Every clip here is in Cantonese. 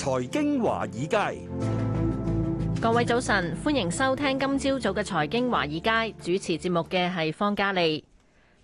財經華爾街，各位早晨，歡迎收聽今朝早嘅財經華爾街，主持節目嘅係方嘉利。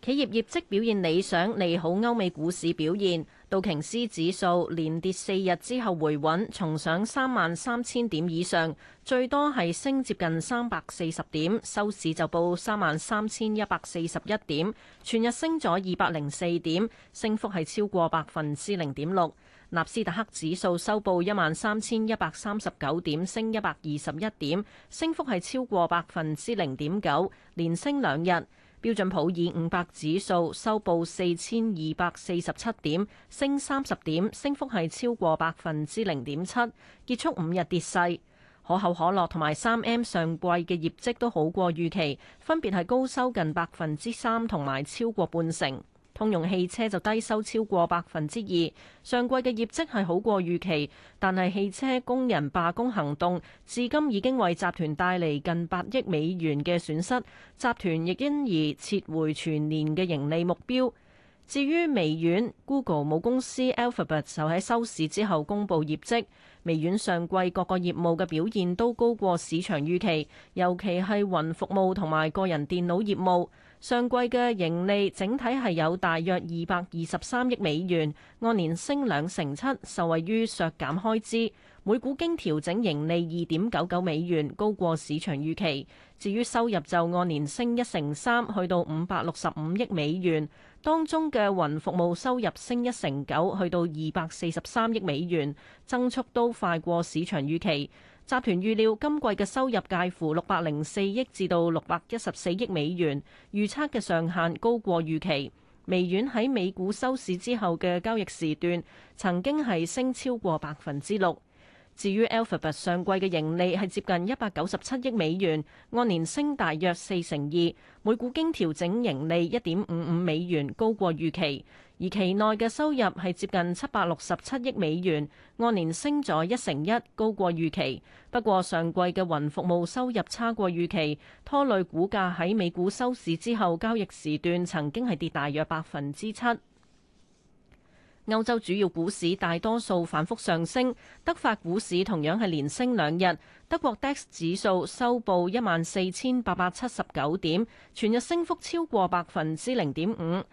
企業業績表現理想，利好歐美股市表現。道瓊斯指數連跌四日之後回穩，重上三萬三千點以上，最多係升接近三百四十點，收市就報三萬三千一百四十一點，全日升咗二百零四點，升幅係超過百分之零點六。納斯達克指數收報一萬三千一百三十九點，升一百二十一點，升幅係超過百分之零點九，連升兩日。標準普爾五百指數收報四千二百四十七點，升三十點，升幅係超過百分之零點七，結束五日跌勢。可口可樂同埋三 M 上季嘅業績都好過預期，分別係高收近百分之三同埋超過半成。通用汽車就低收超過百分之二，上季嘅業績係好過預期，但係汽車工人罷工行動至今已經為集團帶嚟近百億美元嘅損失，集團亦因而撤回全年嘅盈利目標。至於微軟，Google 母公司 Alphabet 就喺收市之後公布業績，微軟上季各個業務嘅表現都高過市場預期，尤其係雲服務同埋個人電腦業務。上季嘅盈利整體係有大約二百二十三億美元，按年升兩成七，受惠於削減開支。每股經調整盈利二點九九美元，高過市場預期。至於收入就按年升一成三，去到五百六十五億美元，當中嘅雲服務收入升一成九，去到二百四十三億美元，增速都快過市場預期。集團預料今季嘅收入介乎六百零四億至到六百一十四億美元，預測嘅上限高過預期。微軟喺美股收市之後嘅交易時段曾經係升超過百分之六。至於 Alphabet 上季嘅盈利係接近一百九十七億美元，按年升大約四成二，每股經調整盈利一點五五美元，高過預期。而期內嘅收入係接近七百六十七億美元，按年升咗一成一，高過預期。不過上季嘅雲服務收入差過預期，拖累股價喺美股收市之後交易時段曾經係跌大約百分之七。歐洲主要股市大多數反覆上升，德法股市同樣係連升兩日。德國 DAX 指數收報一萬四千八百七十九點，全日升幅超過百分之零點五。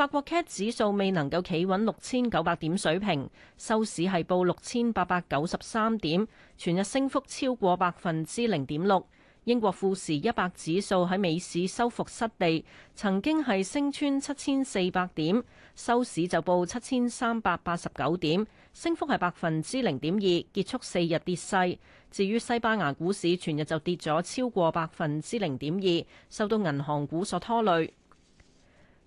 法國 CAC 指數未能夠企穩六千九百點水平，收市係報六千八百九十三點，全日升幅超過百分之零點六。英國富時一百指數喺美市收復失地，曾經係升穿七千四百點，收市就報七千三百八十九點，升幅係百分之零點二，結束四日跌勢。至於西班牙股市全日就跌咗超過百分之零點二，受到銀行股所拖累。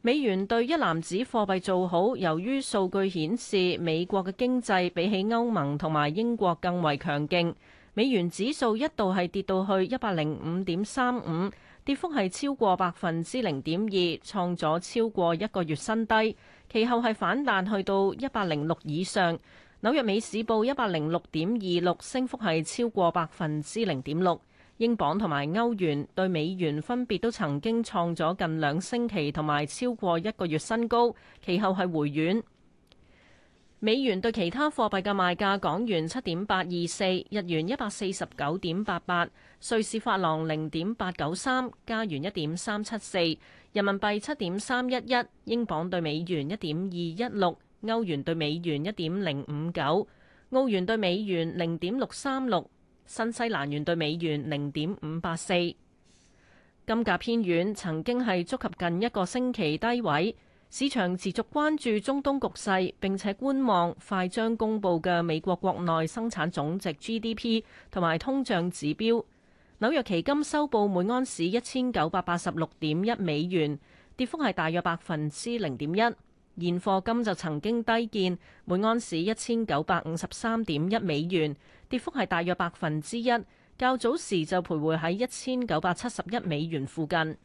美元兌一籃子貨幣做好，由於數據顯示美國嘅經濟比起歐盟同埋英國更為強勁，美元指數一度係跌到去一百零五點三五，跌幅係超過百分之零點二，創咗超過一個月新低。其後係反彈去到一百零六以上，紐約美市報一百零六點二六，升幅係超過百分之零點六。英鎊同埋歐元對美元分別都曾經創咗近兩星期同埋超過一個月新高，其後係回軟。美元對其他貨幣嘅賣價：港元七點八二四，日元一百四十九點八八，瑞士法郎零點八九三，加元一點三七四，人民幣七點三一一，英鎊對美元一點二一六，歐元對美元一點零五九，澳元對美元零點六三六。新西蘭元兌美元零點五八四，金價偏軟，曾經係觸及近一個星期低位。市場持續關注中東局勢，並且觀望快將公佈嘅美國國內生產總值 GDP 同埋通脹指標。紐約期金收報每安士一千九百八十六點一美元，跌幅係大約百分之零點一。現貨金就曾經低見每盎司一千九百五十三點一美元，跌幅係大約百分之一。較早時就徘徊喺一千九百七十一美元附近。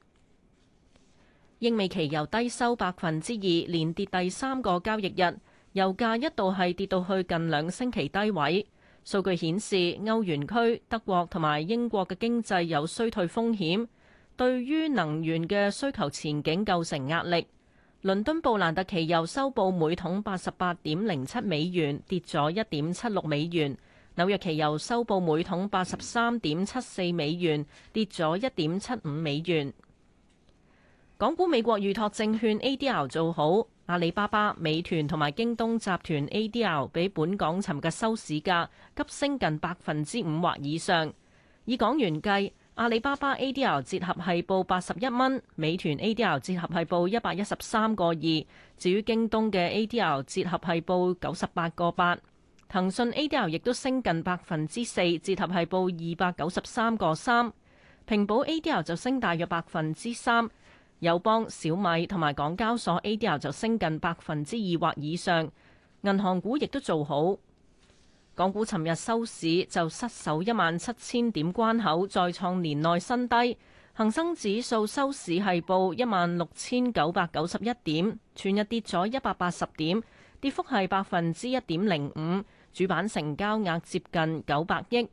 英美期油低收百分之二，連跌第三個交易日，油價一度係跌到去近兩星期低位。數據顯示，歐元區、德國同埋英國嘅經濟有衰退風險，對於能源嘅需求前景構成壓力。倫敦布蘭特期油收報每桶八十八點零七美元，跌咗一點七六美元。紐約期油收報每桶八十三點七四美元，跌咗一點七五美元。港股美國預託證券 ADR 做好，阿里巴巴、美團同埋京東集團 ADR 比本港尋嘅收市價急升近百分之五或以上，以港元計。阿里巴巴 ADR 折合係報八十一蚊，美團 ADR 折合係報一百一十三個二，至於京東嘅 ADR 折合係報九十八個八，騰訊 ADR 亦都升近百分之四，折合係報二百九十三個三，平保 ADR 就升大約百分之三，友邦、小米同埋港交所 ADR 就升近百分之二或以上，銀行股亦都做好。港股尋日收市就失守一萬七千點關口，再創年內新低。恒生指數收市係報一萬六千九百九十一點，全日跌咗一百八十點，跌幅係百分之一點零五。主板成交額接近九百億。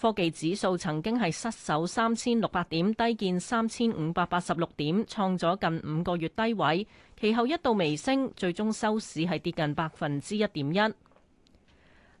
科技指數曾經係失守三千六百點，低見三千五百八十六點，創咗近五個月低位，其後一度微升，最終收市係跌近百分之一點一。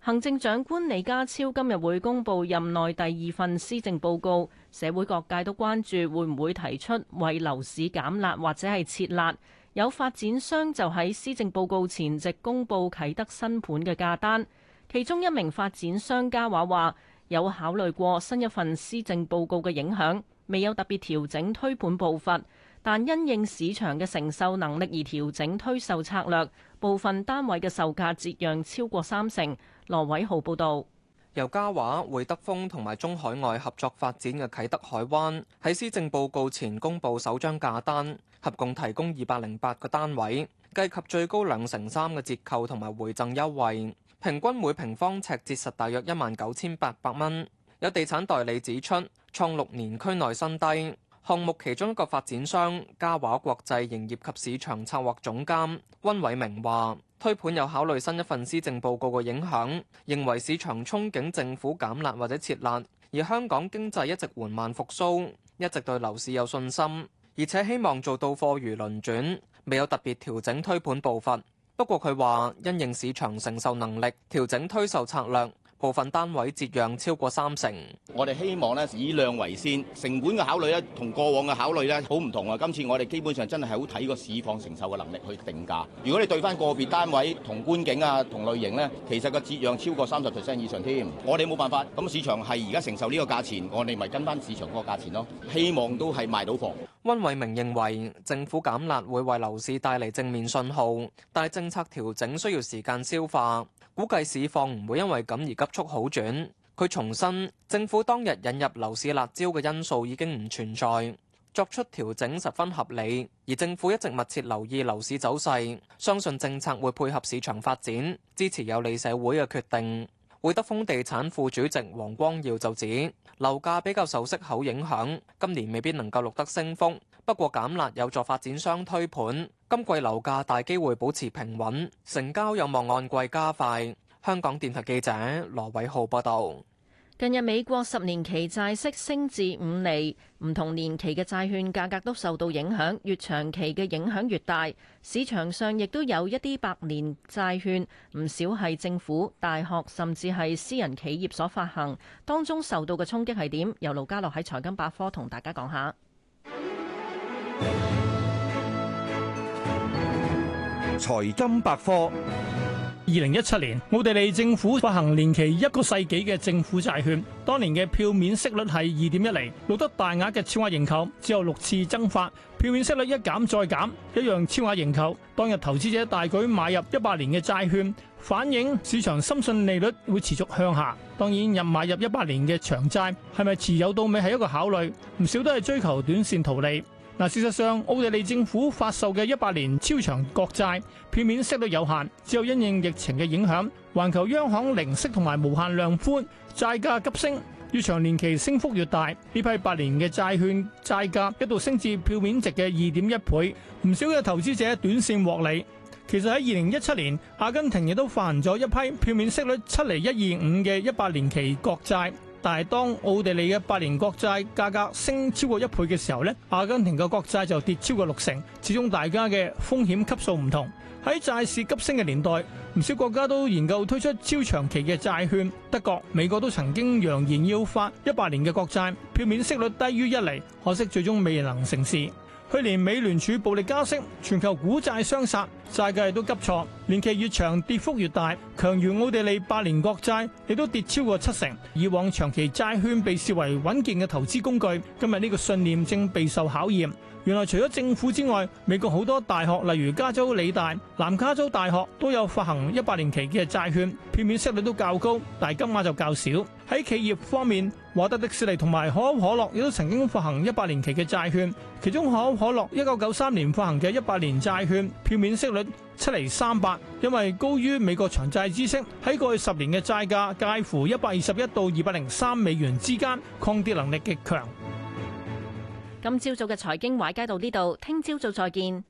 行政長官李家超今日會公布任內第二份施政報告，社會各界都關注會唔會提出為樓市減辣或者係撤辣。有發展商就喺施政報告前夕公布啟德新盤嘅價單，其中一名發展商家話：話有考慮過新一份施政報告嘅影響，未有特別調整推盤步伐。但因應市場嘅承受能力而調整推售策略，部分單位嘅售價折讓超過三成。羅偉豪報道。由嘉華會德豐同埋中海外合作發展嘅啟德海灣喺施政報告前公布首張價單，合共提供二百零八個單位，計及最高兩成三嘅折扣同埋回贈優惠，平均每平方尺折實大約一萬九千八百蚊。有地產代理指出，創六年區內新低。項目其中一個發展商嘉華國際營業及市場策劃總監温偉明話：推盤有考慮新一份施政報告嘅影響，認為市場憧憬政府減辣或者撤辣，而香港經濟一直緩慢復甦，一直對樓市有信心，而且希望做到貨如輪轉，未有特別調整推盤步伐。不過佢話，因應市場承受能力，調整推售策略。部分單位折讓超過三成，我哋希望咧以量為先，成本嘅考慮咧同過往嘅考慮咧好唔同啊！今次我哋基本上真係好睇個市況承受嘅能力去定價。如果你對翻個別單位同觀景啊同類型咧，其實個折讓超過三十 percent 以上添，我哋冇辦法。咁市場係而家承受呢個價錢，我哋咪跟翻市場個價錢咯。希望都係賣到房。溫偉明認為政府減辣會為樓市帶嚟正面信號，但係政策調整需要時間消化，估計市況唔會因為咁而急速好轉。佢重申，政府當日引入樓市辣招嘅因素已經唔存在，作出調整十分合理。而政府一直密切留意樓市走勢，相信政策會配合市場發展，支持有利社會嘅決定。匯德豐地產副主席黃光耀就指，樓價比較受息口影響，今年未必能夠錄得升幅。不過減辣有助發展商推盤，今季樓價大機會保持平穩，成交有望按季加快。香港電台記者羅偉浩報道。近日美國十年期債息升至五厘，唔同年期嘅債券價格都受到影響，越長期嘅影響越大。市場上亦都有一啲百年債券，唔少係政府、大學甚至係私人企業所發行，當中受到嘅衝擊係點？由盧家樂喺財金百科同大家講下。財金百科。二零一七年，奧地利政府發行年期一個世紀嘅政府債券，當年嘅票面息率係二點一厘，錄得大額嘅超額認購，之後六次增發，票面息率一減再減，一樣超額認購。當日投資者大舉買入一百年嘅債券，反映市場深信利率會持續向下。當然，入買入一百年嘅長債係咪持有到尾係一個考慮，唔少都係追求短線套利。嗱，事實上，奧地利政府發售嘅一百年超長國債，票面息率有限，只有因應疫情嘅影響，環球央行零息同埋無限量寬，債價急升，越長年期升幅越大。呢批八年嘅債券債價一度升至票面值嘅二點一倍，唔少嘅投資者短線獲利。其實喺二零一七年，阿根廷亦都發行咗一批票面息率七厘一二五嘅一百年期國債。但係，當奧地利嘅八年國債價格升超過一倍嘅時候呢，阿根廷嘅國債就跌超過六成。始終大家嘅風險級數唔同。喺債市急升嘅年代，唔少國家都研究推出超長期嘅債券。德國、美國都曾經揚言要發一百年嘅國債，票面息率低於一厘，可惜最終未能成事。去年美聯儲暴力加息，全球股債雙殺。債市都急挫，年期越長跌幅越大，強如奧地利八年國債亦都跌超過七成。以往長期債券被視為穩健嘅投資工具，今日呢個信念正備受考驗。原來除咗政府之外，美國好多大學，例如加州理大、南加州大學，都有發行一百年期嘅債券，票面息率都較高，但係金額就較少。喺企業方面，華德迪士尼同埋可口可樂亦都曾經發行一百年期嘅債券，其中可口可樂一九九三年發行嘅一百年債券，票面息率七厘三八，因為高於美國長債孳息，喺過去十年嘅債價介乎一百二十一到二百零三美元之間，抗跌能力極強。今朝早嘅財經華爾街到呢度，聽朝早再見。